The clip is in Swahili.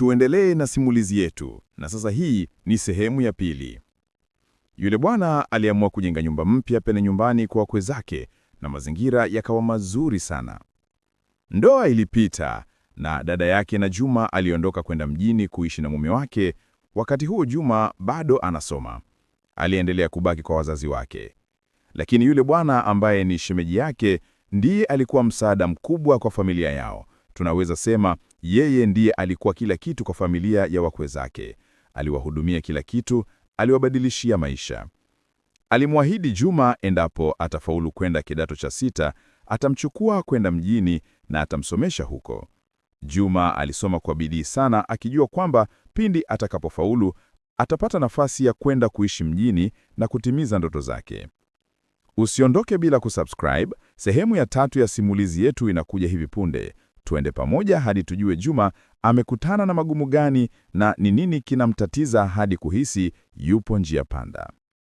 Tuendelee na simulizi yetu, na sasa hii ni sehemu ya pili. Yule bwana aliamua kujenga nyumba mpya pene nyumbani kwa wakwe zake, na mazingira yakawa mazuri sana. Ndoa ilipita na dada yake na Juma aliondoka kwenda mjini kuishi na mume wake. Wakati huo Juma bado anasoma, aliendelea kubaki kwa wazazi wake, lakini yule bwana ambaye ni shemeji yake ndiye alikuwa msaada mkubwa kwa familia yao, tunaweza sema yeye ndiye alikuwa kila kitu kwa familia ya wakwe zake. Aliwahudumia kila kitu, aliwabadilishia maisha. Alimwahidi Juma endapo atafaulu kwenda kidato cha sita, atamchukua kwenda mjini na atamsomesha huko. Juma alisoma kwa bidii sana, akijua kwamba pindi atakapofaulu atapata nafasi ya kwenda kuishi mjini na kutimiza ndoto zake. Usiondoke bila kusubscribe. Sehemu ya tatu ya simulizi yetu inakuja hivi punde. Tuende pamoja hadi tujue Juma amekutana na magumu gani na ni nini kinamtatiza hadi kuhisi yupo njia panda.